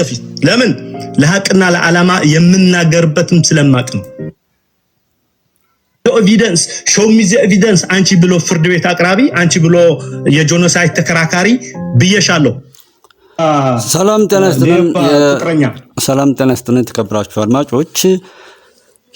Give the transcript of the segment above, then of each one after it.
በፊት ለምን ለሀቅና ለዓላማ የምናገርበትም ስለማቅ ነው። ኤቪደንስ ሾው ሚ ዘ ኤቪደንስ። አንቺ ብሎ ፍርድ ቤት አቅራቢ፣ አንቺ ብሎ የጆኖሳይድ ተከራካሪ ብየሻለሁ። ሰላም ጠነስትነን ሰላም ጠነስትነን የተከበራችሁ አድማጮች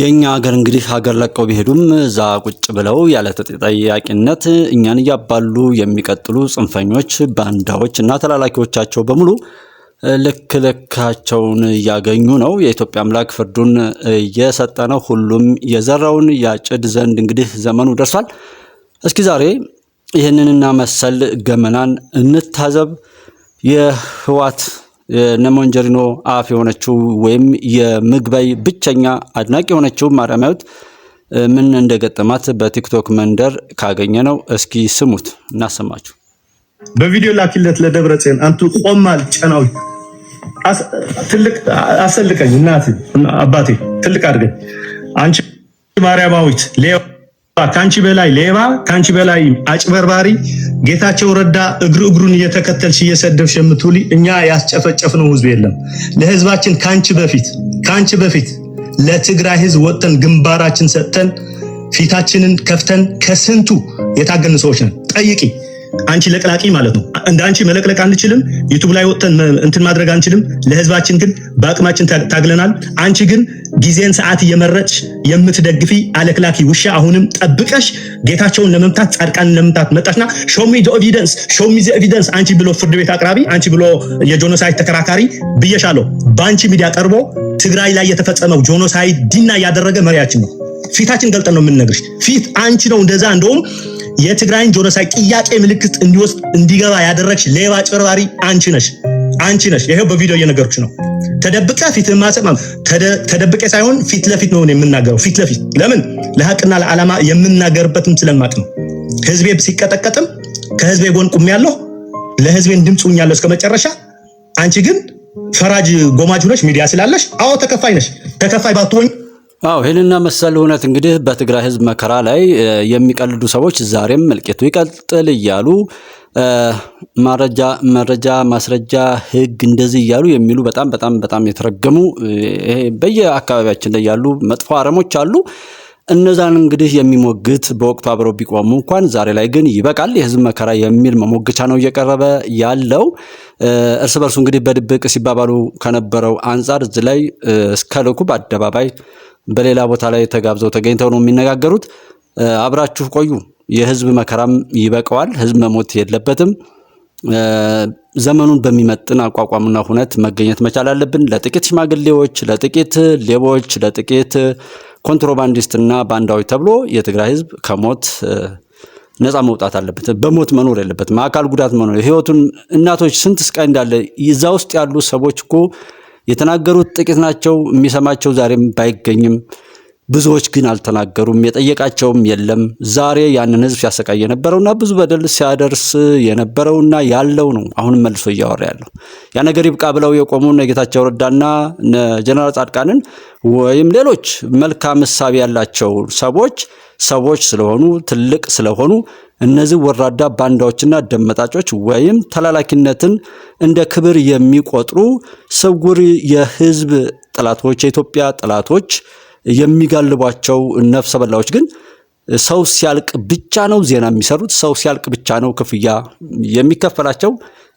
የእኛ ሀገር እንግዲህ ሀገር ለቀው ቢሄዱም እዛ ቁጭ ብለው ያለ ተጠያቂነት እኛን እያባሉ የሚቀጥሉ ጽንፈኞች፣ ባንዳዎች እና ተላላኪዎቻቸው በሙሉ ልክ ልካቸውን እያገኙ ነው። የኢትዮጵያ አምላክ ፍርዱን እየሰጠ ነው። ሁሉም የዘራውን ያጭድ ዘንድ እንግዲህ ዘመኑ ደርሷል። እስኪ ዛሬ ይህንንና መሰል ገመናን እንታዘብ። የህዋት ነሞንጀሪኖ አፍ የሆነችው ወይም የምግበይ ብቸኛ አድናቂ የሆነችው ማርያም ምን እንደገጠማት በቲክቶክ መንደር ካገኘ ነው። እስኪ ስሙት፣ እናሰማችሁ በቪዲዮ ላኪለት ለደብረጽዮን አንቱ ቆማል ጨናው ትልቅ አሰልቀኝ እናት አባቴ ትልቅ አድርገኝ አንቺ ማርያማዊት ሌባ ካንቺ በላይ ሌባ ካንቺ በላይ አጭበርባሪ ጌታቸው ረዳ እግሩ እግሩን እየተከተልሽ እየሰደብሽ የምትውሊ እኛ ያስጨፈጨፍነው ህዝብ የለም። ለህዝባችን ካንቺ በፊት ካንቺ በፊት ለትግራይ ህዝብ ወጥተን ግንባራችን ሰጥተን ፊታችንን ከፍተን ከስንቱ የታገልን ሰዎች ነን። ጠይቂ አንቺ ለቅላቂ ማለት ነው። እንደ አንቺ መለቅለቅ አንችልም። ዩቱብ ላይ ወጥተን እንትን ማድረግ አንችልም። ለህዝባችን ግን በአቅማችን ታግለናል። አንቺ ግን ጊዜን ሰዓት እየመረጭ የምትደግፊ አለክላኪ ውሻ፣ አሁንም ጠብቀሽ ጌታቸውን ለመምታት ጻድቃንን ለመምታት መጣሽና ሚ ዘ ኤቪደንስ ሚ ዘ ኤቪደንስ አንቺ ብሎ ፍርድ ቤት አቅራቢ፣ አንቺ ብሎ የጆኖሳይድ ተከራካሪ ብየሻለሁ። በአንቺ ሚዲያ ቀርቦ ትግራይ ላይ የተፈጸመው ጆኖሳይድ ዲና ያደረገ መሪያችን ነው። ፊታችን ገልጠን ነው የምንነግርሽ። ፊት አንቺ ነው እንደዛ እንደውም የትግራይን ጆኖሳይድ ጥያቄ ምልክት እንዲወስድ እንዲገባ ያደረግሽ ሌባ ጭበርባሪ አንቺ ነሽ፣ አንቺ ነሽ። ይሄው በቪዲዮ እየነገርኩሽ ነው። ተደብቀ ፊት ማሰማም ተደብቀ ሳይሆን ፊት ለፊት ነው የምናገረው። ፊት ለፊት ለምን ለሀቅና ለዓላማ የምናገርበትም ስለማቅ ነው። ህዝቤ ሲቀጠቀጥም ከህዝቤ ጎን ያለው ለህዝቤን ድምፅ ሆኛለሁ እስከ መጨረሻ። አንቺ ግን ፈራጅ ጎማጅ ሆነሽ ሚዲያ ስላለሽ። አዎ ተከፋይ ነሽ። ተከፋይ ባትሆኝ አዎ ይህንና መሰል እውነት እንግዲህ በትግራይ ህዝብ መከራ ላይ የሚቀልዱ ሰዎች ዛሬም እልቂቱ ይቀጥል እያሉ መረጃ መረጃ ማስረጃ ህግ እንደዚህ እያሉ የሚሉ በጣም በጣም በጣም የተረገሙ በየአካባቢያችን ላይ ያሉ መጥፎ አረሞች አሉ። እነዛን እንግዲህ የሚሞግት በወቅቱ አብረው ቢቆሙ እንኳን ዛሬ ላይ ግን ይበቃል፣ የህዝብ መከራ የሚል መሞገቻ ነው እየቀረበ ያለው። እርስ በርሱ እንግዲህ በድብቅ ሲባባሉ ከነበረው አንጻር እዚህ ላይ እስከ በአደባባይ በሌላ ቦታ ላይ ተጋብዘው ተገኝተው ነው የሚነጋገሩት። አብራችሁ ቆዩ። የህዝብ መከራም ይበቀዋል። ህዝብ መሞት የለበትም። ዘመኑን በሚመጥን አቋቋምና ሁነት መገኘት መቻል አለብን። ለጥቂት ሽማግሌዎች፣ ለጥቂት ሌቦች፣ ለጥቂት ኮንትሮባንዲስትና ባንዳዎች ተብሎ የትግራይ ህዝብ ከሞት ነፃ መውጣት አለበት። በሞት መኖር የለበትም። አካል ጉዳት መኖር ህይወቱን እናቶች ስንት ስቃይ እንዳለ እዛ ውስጥ ያሉ ሰዎች እኮ የተናገሩት ጥቂት ናቸው። የሚሰማቸው ዛሬም ባይገኝም ብዙዎች ግን አልተናገሩም። የጠየቃቸውም የለም። ዛሬ ያንን ህዝብ ሲያሰቃይ የነበረውና ብዙ በደል ሲያደርስ የነበረውና ያለው ነው። አሁንም መልሶ እያወራ ያለው ያ ነገር ይብቃ ብለው የቆሙ እነ ጌታቸው ረዳና ጀነራል ጻድቃንን ወይም ሌሎች መልካም እሳቢ ያላቸው ሰዎች ሰዎች ስለሆኑ ትልቅ ስለሆኑ እነዚህ ወራዳ ባንዳዎችና ደመጣጮች ወይም ተላላኪነትን እንደ ክብር የሚቆጥሩ ስውር የህዝብ ጠላቶች የኢትዮጵያ ጠላቶች የሚጋልቧቸው ነፍሰ በላዎች ግን ሰው ሲያልቅ ብቻ ነው ዜና የሚሰሩት። ሰው ሲያልቅ ብቻ ነው ክፍያ የሚከፈላቸው።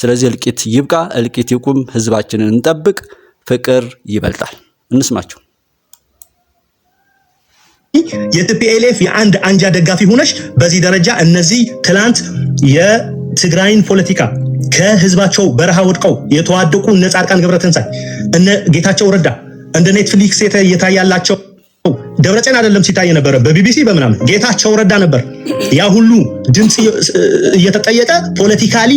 ስለዚህ እልቂት ይብቃ፣ እልቂት ይቁም፣ ህዝባችንን እንጠብቅ። ፍቅር ይበልጣል። እንስማቸው። የቲፒኤልኤፍ የአንድ አንጃ ደጋፊ ሆነሽ በዚህ ደረጃ እነዚህ ትላንት የትግራይን ፖለቲካ ከህዝባቸው በረሃ ወድቀው የተዋደቁ እነ ጻድቃን ገብረትንሳኤ እነ ጌታቸው ረዳ እንደ ኔትፍሊክስ የታያላቸው ደብረጽዮን አይደለም ሲታይ ነበረ በቢቢሲ በምናምን ጌታቸው ረዳ ነበር። ያ ሁሉ ድምፅ እየተጠየቀ ፖለቲካሊ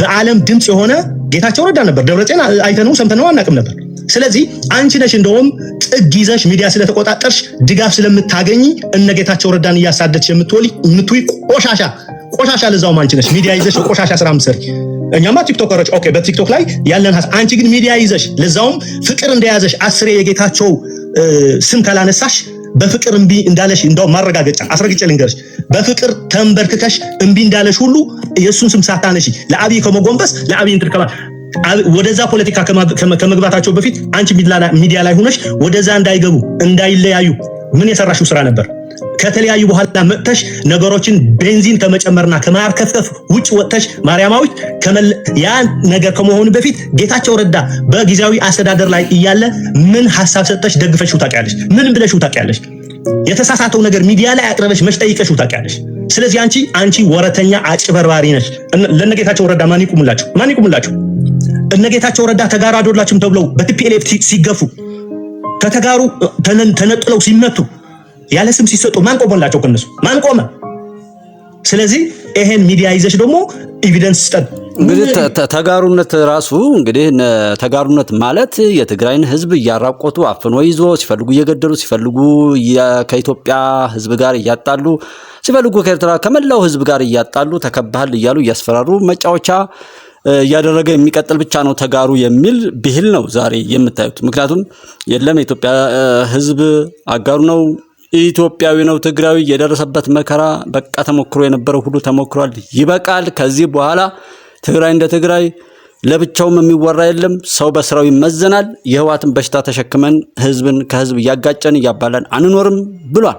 በዓለም ድምፅ የሆነ ጌታቸው ረዳ ነበር። ደብረጽዮን አይተነው ሰምተነው አናቅም ነበር። ስለዚህ አንቺ ነሽ እንደውም ጥግ ይዘሽ ሚዲያ ስለተቆጣጠርሽ ድጋፍ ስለምታገኝ እነ ጌታቸው ረዳን እያሳደድሽ የምትወሊ የምትውይ ቆሻሻ ቆሻሻ ለዛውም አንቺ ነሽ ሚዲያ ይዘሽ ቆሻሻ ስራ ምትሰሪ። እኛማ ቲክቶከሮች ኦኬ፣ በቲክቶክ ላይ ያለን አንቺ ግን ሚዲያ ይዘሽ ለዛውም ፍቅር እንደያዘሽ አስሬ የጌታቸው ስም ካላነሳሽ በፍቅር እምቢ እንዳለሽ እንደው ማረጋገጫ አስረግጬ ልንገርሽ፣ በፍቅር ተንበርክከሽ እምቢ እንዳለሽ ሁሉ የእሱን ስም ሳታነሺ ለአብይ ከመጎንበስ ለአብይ እንትን ከማ ወደዛ ፖለቲካ ከመግባታቸው በፊት አንቺ ሚዲያ ላይ ሆነሽ ወደዛ እንዳይገቡ እንዳይለያዩ ምን የሰራሽው ስራ ነበር? ከተለያዩ በኋላ መጥተሽ ነገሮችን ቤንዚን ከመጨመርና ከማርከፍከፍ ውጭ ወጥተሽ ማርያማዊት ያ ነገር ከመሆኑ በፊት ጌታቸው ረዳ በጊዜያዊ አስተዳደር ላይ እያለ ምን ሀሳብ ሰጠሽ ደግፈሽው ታውቂያለሽ? ምን ብለሽው ታውቂያለሽ? የተሳሳተው ነገር ሚዲያ ላይ አቅርበሽ መች ጠይቀሽው ታውቂያለሽ? ስለዚህ አንቺ አንቺ ወረተኛ አጭበርባሪ ነሽ። ለነጌታቸው ረዳ ማን ይቁምላችሁ? ማን ይቁምላችሁ? እነጌታቸው ረዳ ተጋሩ አይደላችሁም ተብለው በቲፒኤልኤፍ ሲገፉ ከተጋሩ ተነጥለው ሲመቱ ያለ ስም ሲሰጡ ማን ቆመላቸው? ከነሱ ማን ቆመ? ስለዚህ ይሄን ሚዲያ ይዘሽ ደግሞ ኤቪደንስ ስጠን። እንግዲህ ተጋሩነት ራሱ እንግዲህ ተጋሩነት ማለት የትግራይን ሕዝብ እያራቆቱ አፍኖ ይዞ ሲፈልጉ እየገደሉ ሲፈልጉ ከኢትዮጵያ ሕዝብ ጋር እያጣሉ ሲፈልጉ ከኤርትራ ከመላው ሕዝብ ጋር እያጣሉ ተከባሃል እያሉ እያስፈራሩ መጫወቻ እያደረገ የሚቀጥል ብቻ ነው ተጋሩ የሚል ብሂል ነው ዛሬ የምታዩት። ምክንያቱም የለም የኢትዮጵያ ሕዝብ አጋሩ ነው ኢትዮጵያዊ ነው ትግራዊ። የደረሰበት መከራ በቃ ተሞክሮ የነበረው ሁሉ ተሞክሯል። ይበቃል። ከዚህ በኋላ ትግራይ እንደ ትግራይ ለብቻውም የሚወራ የለም። ሰው በስራው ይመዘናል። የህዋትን በሽታ ተሸክመን ህዝብን ከህዝብ እያጋጨን እያባላን አንኖርም ብሏል።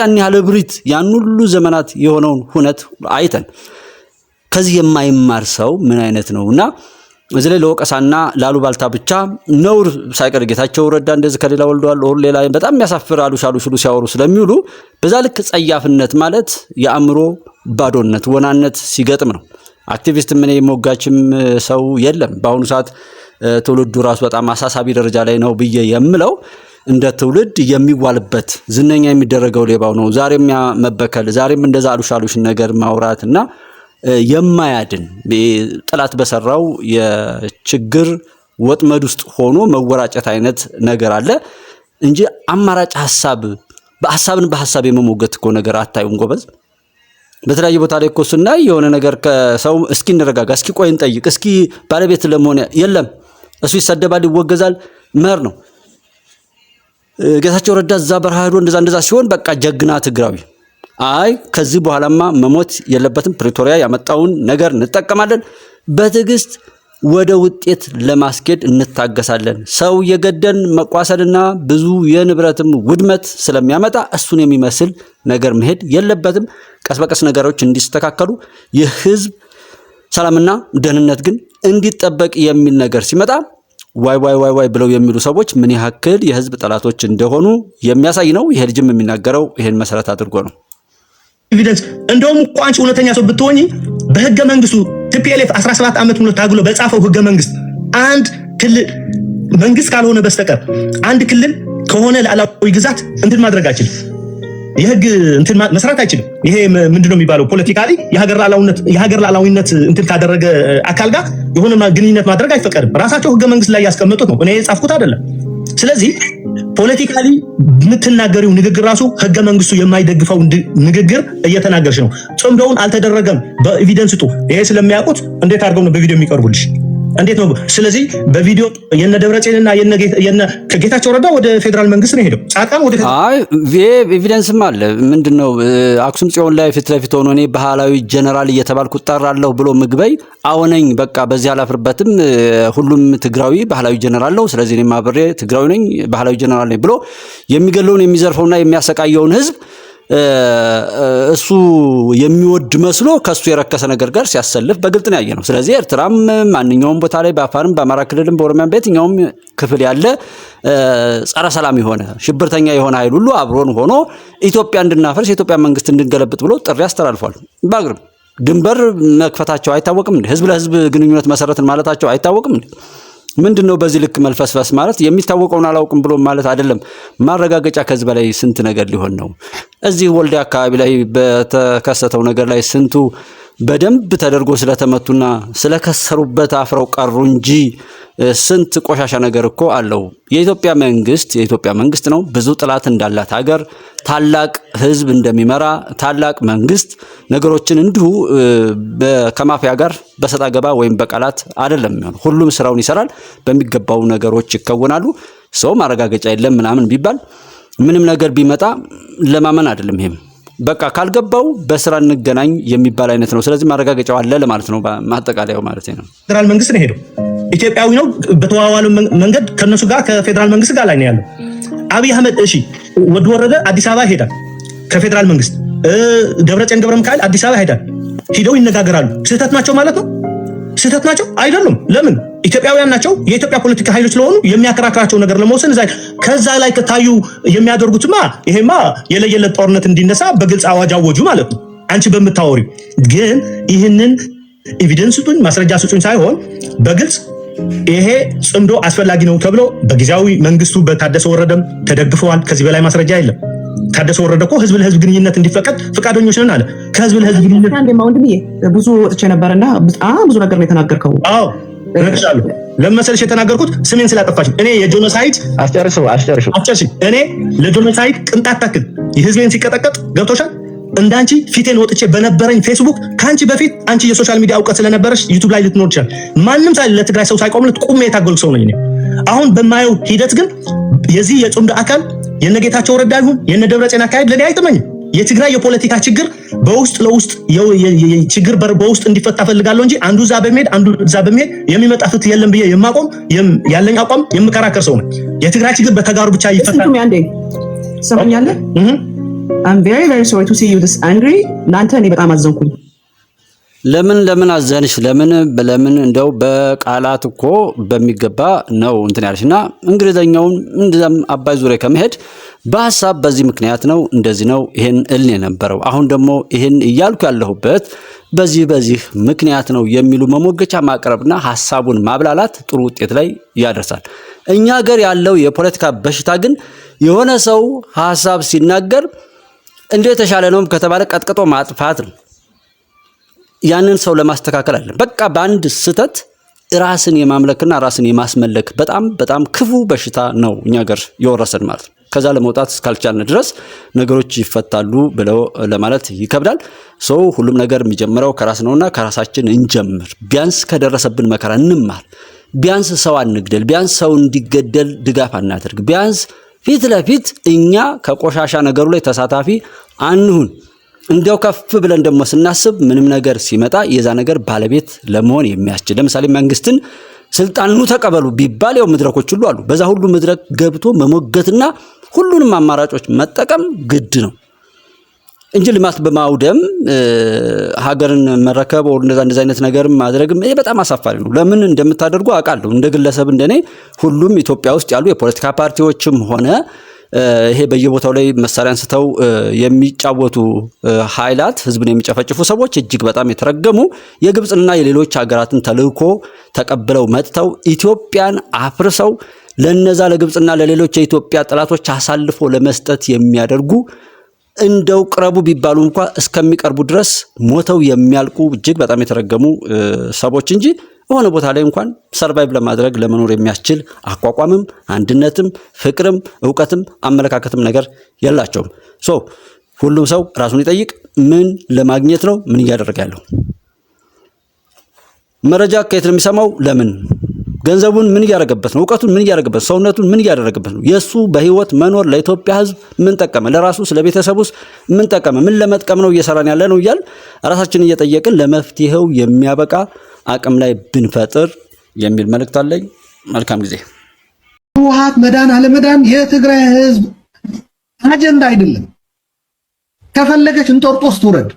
ያን ያህል እብሪት ያን ሁሉ ዘመናት የሆነውን ሁነት አይተን ከዚህ የማይማር ሰው ምን አይነት ነው እና እዚህ ላይ ለወቀሳና ላሉ ባልታ ብቻ ነውር ሳይቀር ጌታቸው ረዳ እንደዚህ ከሌላ ወልደዋል ሁ ሌላ በጣም የሚያሳፍር አሉሽ አሉሽ ሁሉ ሲያወሩ ስለሚውሉ በዛ ልክ ጸያፍነት ማለት የአእምሮ ባዶነት ወናነት ሲገጥም ነው። አክቲቪስት ምን የሞጋችም ሰው የለም። በአሁኑ ሰዓት ትውልዱ ራሱ በጣም አሳሳቢ ደረጃ ላይ ነው ብዬ የምለው እንደ ትውልድ የሚዋልበት ዝነኛ የሚደረገው ሌባው ነው። ዛሬም መበከል፣ ዛሬም እንደዛ አሉሽ አሉሽ ነገር ማውራት እና የማያድን ጠላት በሰራው የችግር ወጥመድ ውስጥ ሆኖ መወራጨት አይነት ነገር አለ እንጂ አማራጭ ሀሳብ በሀሳብን በሀሳብ የመሞገት እኮ ነገር አታዩም ጎበዝ። በተለያየ ቦታ ላይ እኮ ስናይ የሆነ ነገር ከሰው እስኪ እንረጋጋ፣ እስኪ ቆይ እንጠይቅ፣ እስኪ ባለቤት ለመሆን የለም እሱ ይሰደባል፣ ይወገዛል። መር ነው ጌታቸው ረዳ እዛ በረሃዶ እንደዛ እንደዛ ሲሆን በቃ ጀግና ትግራዊ አይ ከዚህ በኋላማ መሞት የለበትም ፕሪቶሪያ ያመጣውን ነገር እንጠቀማለን፣ በትዕግስት ወደ ውጤት ለማስኬድ እንታገሳለን። ሰው የገደን መቋሰልና ብዙ የንብረትም ውድመት ስለሚያመጣ እሱን የሚመስል ነገር መሄድ የለበትም። ቀስ በቀስ ነገሮች እንዲስተካከሉ የህዝብ ሰላምና ደህንነት ግን እንዲጠበቅ የሚል ነገር ሲመጣ ዋይ ዋይ ዋይ ዋይ ብለው የሚሉ ሰዎች ምን ያክል የህዝብ ጠላቶች እንደሆኑ የሚያሳይ ነው። ይሄ ልጅም የሚናገረው ይሄን መሰረት አድርጎ ነው። ኤቪደንስ እንደውም እኮ አንቺ እውነተኛ ሰው ብትሆኚ በህገ መንግስቱ ቲፒኤልኤፍ 17 ዓመት ሙሉ ታግሎ በጻፈው ህገ መንግስት አንድ ክልል መንግስት ካልሆነ በስተቀር አንድ ክልል ከሆነ ሉዓላዊ ግዛት እንትን ማድረግ አይችልም። የህግ እንትን መስራት አይችልም። ይሄ ምንድነው የሚባለው? ፖለቲካሊ የሀገር ላላዊነት እንትን ካደረገ አካል ጋር የሆነ ግንኙነት ማድረግ አይፈቀድም። ራሳቸው ህገ መንግስት ላይ ያስቀመጡት ነው። እኔ የጻፍኩት አይደለም። ስለዚህ ፖለቲካሊ የምትናገሪው ንግግር ራሱ ህገ መንግስቱ የማይደግፈው ንግግር እየተናገርሽ ነው። ጽምደውን አልተደረገም፣ በኤቪደንስ ጡ። ይሄ ስለሚያውቁት እንዴት አድርገው ነው በቪዲዮ የሚቀርቡልሽ? እንዴት ነው? ስለዚህ በቪዲዮ የነ ደብረጽዮንና የነ ከጌታቸው ረዳ ወደ ፌዴራል መንግስት ነው ሄደው ጻድቃን ወደ አይ ኤቪደንስም አለ። ምንድነው አክሱም ጽዮን ላይ ፊት ለፊት ሆኖ እኔ ባህላዊ ጀነራል እየተባልኩ እጠራለሁ ብሎ ምግበይ አወነኝ በቃ በዚህ አላፍርበትም። ሁሉም ትግራዊ ባህላዊ ጀነራል ነው። ስለዚህ እኔም አብሬ ትግራዊ ነኝ ባህላዊ ጀነራል ነኝ ብሎ የሚገለውን የሚዘርፈውና የሚያሰቃየውን ህዝብ እሱ የሚወድ መስሎ ከሱ የረከሰ ነገር ጋር ሲያሰልፍ በግልጥ ነው ያየ ነው። ስለዚህ ኤርትራም ማንኛውም ቦታ ላይ በአፋርም፣ በአማራ ክልልም፣ በኦሮሚያም በየትኛውም ክፍል ያለ ጸረ ሰላም የሆነ ሽብርተኛ የሆነ ኃይል ሁሉ አብሮን ሆኖ ኢትዮጵያ እንድናፈርስ የኢትዮጵያ መንግስት እንድንገለብጥ ብሎ ጥሪ አስተላልፏል። በአግርም ድንበር መክፈታቸው አይታወቅም። ህዝብ ለህዝብ ግንኙነት መሰረትን ማለታቸው አይታወቅም። ምንድን ነው በዚህ ልክ መልፈስፈስ ማለት? የሚታወቀውን አላውቅም ብሎ ማለት አይደለም። ማረጋገጫ ከዚህ በላይ ስንት ነገር ሊሆን ነው? እዚህ ወልዲያ አካባቢ ላይ በተከሰተው ነገር ላይ ስንቱ በደንብ ተደርጎ ስለተመቱና ስለከሰሩበት አፍረው ቀሩ እንጂ ስንት ቆሻሻ ነገር እኮ አለው። የኢትዮጵያ መንግስት የኢትዮጵያ መንግስት ነው ብዙ ጥላት እንዳላት ሀገር ታላቅ ህዝብ እንደሚመራ ታላቅ መንግስት ነገሮችን እንዲሁ ከማፊያ ጋር በሰጣ ገባ ወይም በቃላት አይደለም የሚሆን። ሁሉም ስራውን ይሰራል፣ በሚገባው ነገሮች ይከወናሉ። ሰው ማረጋገጫ የለም ምናምን ቢባል ምንም ነገር ቢመጣ ለማመን አይደለም ይሄም በቃ ካልገባው በስራ እንገናኝ የሚባል አይነት ነው። ስለዚህ ማረጋገጫው አለ ለማለት ነው። ማጠቃለያው ማለት ነው። ፌዴራል መንግስት ነው ሄደው ኢትዮጵያዊ ነው በተዋዋሉ መንገድ ከነሱ ጋር ከፌዴራል መንግስት ጋር ላይ ነው ያለው አብይ አህመድ። እሺ ወደ ወረደ አዲስ አበባ ይሄዳል ከፌዴራል መንግስት ደብረጽዮን ገብረ ሚካኤል አዲስ አበባ ይሄዳል። ሂደው ይነጋገራሉ። ስህተት ናቸው ማለት ነው። ስህተት ናቸው? አይደሉም። ለምን? ኢትዮጵያውያን ናቸው። የኢትዮጵያ ፖለቲካ ኃይሎች ስለሆኑ የሚያከራክራቸው ነገር ለመወሰን እዛ ከዛ ላይ ከታዩ የሚያደርጉትማ ይሄማ የለየለት ጦርነት እንዲነሳ በግልጽ አዋጅ አወጁ ማለት ነው። አንቺ በምታወሪ ግን ይህንን ኤቪደንስ ስጡኝ፣ ማስረጃ ስጡኝ ሳይሆን በግልጽ ይሄ ጽምዶ አስፈላጊ ነው ተብሎ በጊዜያዊ መንግስቱ በታደሰ ወረደም ተደግፈዋል። ከዚህ በላይ ማስረጃ የለም። ታደሰ ወረደ እኮ ህዝብ ለህዝብ ግንኙነት እንዲፈቀድ ፈቃደኞች ነን አለ። ከህዝብ ለህዝብ ግንኙነት ብዙ ወጥቼ ነበርና በጣም ብዙ ነገር ነው የተናገርከው። አዎ ረክሻሉ ለመሰለሽ የተናገርኩት ስሜን ስላጠፋሽ እኔ የጆኖሳይድ አስጨርሰው አስጨርሰው አስጨርሰው እኔ ለጆኖሳይድ ቅንጣት ታክል የህዝቤን ሲቀጠቀጥ ገብቶሻል። እንዳንቺ ፊቴን ወጥቼ በነበረኝ ፌስቡክ ከአንቺ በፊት አንቺ የሶሻል ሚዲያ እውቀት ስለነበረሽ ዩቲዩብ ላይ ልትኖር ይችላል። ማንም ሳይል ለትግራይ ሰው ሳይቆምለት ቁሜ የታገልኩ ሰው ነኝ አሁን በማየው ሂደት ግን የዚህ የጽምዶ አካል የነ ጌታቸው ረዳ ይሁን የነ ደብረጽዮን አካሄድ ለኔ አይጥመኝም። የትግራይ የፖለቲካ ችግር በውስጥ ለውስጥ ችግር በውስጥ እንዲፈታ ፈልጋለሁ እንጂ አንዱ እዛ በሚሄድ አንዱ እዛ በሚሄድ የሚመጣ ፍትህ የለም ብዬ የማቆም ያለኝ አቋም የምከራከር ሰው ነው። የትግራይ ችግር በተጋሩ ብቻ ይፈታል። ሰምኛለህ? I'm very very sorry to see you this angry እናንተ እኔ በጣም አዘንኩኝ። ለምን ለምን አዘንሽ ለምን ለምን እንደው በቃላት እኮ በሚገባ ነው እንትን ያለሽ እና እንግሊዘኛውን እንደዛም አባይ ዙሪያ ከመሄድ በሀሳብ በዚህ ምክንያት ነው እንደዚህ ነው ይሄን እልን የነበረው አሁን ደግሞ ይሄን እያልኩ ያለሁበት በዚህ በዚህ ምክንያት ነው የሚሉ መሞገቻ ማቅረብና ሀሳቡን ማብላላት ጥሩ ውጤት ላይ ያደርሳል። እኛ ሀገር ያለው የፖለቲካ በሽታ ግን የሆነ ሰው ሀሳብ ሲናገር እንደ የተሻለ ነው ከተባለ ቀጥቅጦ ማጥፋት ነው። ያንን ሰው ለማስተካከል አለን። በቃ በአንድ ስህተት ራስን የማምለክና ራስን የማስመለክ በጣም በጣም ክፉ በሽታ ነው እኛ ሀገር የወረሰን ማለት ነው። ከዛ ለመውጣት እስካልቻልን ድረስ ነገሮች ይፈታሉ ብለው ለማለት ይከብዳል። ሰው ሁሉም ነገር የሚጀምረው ከራስ ነውና ከራሳችን እንጀምር። ቢያንስ ከደረሰብን መከራ እንማር። ቢያንስ ሰው አንግደል። ቢያንስ ሰው እንዲገደል ድጋፍ አናደርግ። ቢያንስ ፊት ለፊት እኛ ከቆሻሻ ነገሩ ላይ ተሳታፊ አንሁን። እንዲያው ከፍ ብለን ደግሞ ስናስብ ምንም ነገር ሲመጣ የዛ ነገር ባለቤት ለመሆን የሚያስችል ለምሳሌ መንግስትን ስልጣኑ ተቀበሉ ቢባል ያው መድረኮች ሁሉ አሉ። በዛ ሁሉ መድረክ ገብቶ መሞገትና ሁሉንም አማራጮች መጠቀም ግድ ነው እንጂ ልማት በማውደም ሀገርን መረከብ እንደዛ እንደዛ አይነት ነገር ማድረግም ይሄ በጣም አሳፋሪ ነው። ለምን እንደምታደርጉ አውቃለሁ። እንደ ግለሰብ እንደኔ ሁሉም ኢትዮጵያ ውስጥ ያሉ የፖለቲካ ፓርቲዎችም ሆነ ይሄ በየቦታው ላይ መሳሪያ አንስተው የሚጫወቱ ኃይላት ህዝብን የሚጨፈጭፉ ሰዎች እጅግ በጣም የተረገሙ የግብፅና የሌሎች ሀገራትን ተልእኮ ተቀብለው መጥተው ኢትዮጵያን አፍርሰው ለነዛ ለግብፅና ለሌሎች የኢትዮጵያ ጠላቶች አሳልፎ ለመስጠት የሚያደርጉ እንደው ቅረቡ ቢባሉ እንኳ እስከሚቀርቡ ድረስ ሞተው የሚያልቁ እጅግ በጣም የተረገሙ ሰዎች እንጂ የሆነ ቦታ ላይ እንኳን ሰርቫይቭ ለማድረግ ለመኖር የሚያስችል አቋቋምም፣ አንድነትም፣ ፍቅርም፣ እውቀትም አመለካከትም ነገር የላቸውም። ሶ ሁሉም ሰው ራሱን ይጠይቅ። ምን ለማግኘት ነው? ምን እያደረገ ያለው? መረጃ ከየት ነው የሚሰማው? ለምን ገንዘቡን ምን እያደረገበት ነው? እውቀቱን ምን እያደረገበት ነው? ሰውነቱን ምን እያደረገበት ነው? የእሱ በህይወት መኖር ለኢትዮጵያ ህዝብ ምን ጠቀመ? ለራሱ ስለ ቤተሰብ ውስጥ ምን ጠቀመ? ምን ለመጥቀም ነው እየሰራን ያለ ነው እያል ራሳችን እየጠየቅን ለመፍትሄው የሚያበቃ አቅም ላይ ብንፈጥር የሚል መልእክት አለኝ። መልካም ጊዜ። ህወሓት መዳን አለመዳን የትግራይ ህዝብ አጀንዳ አይደለም። ከፈለገች እንጦርጦስ ትውረድ።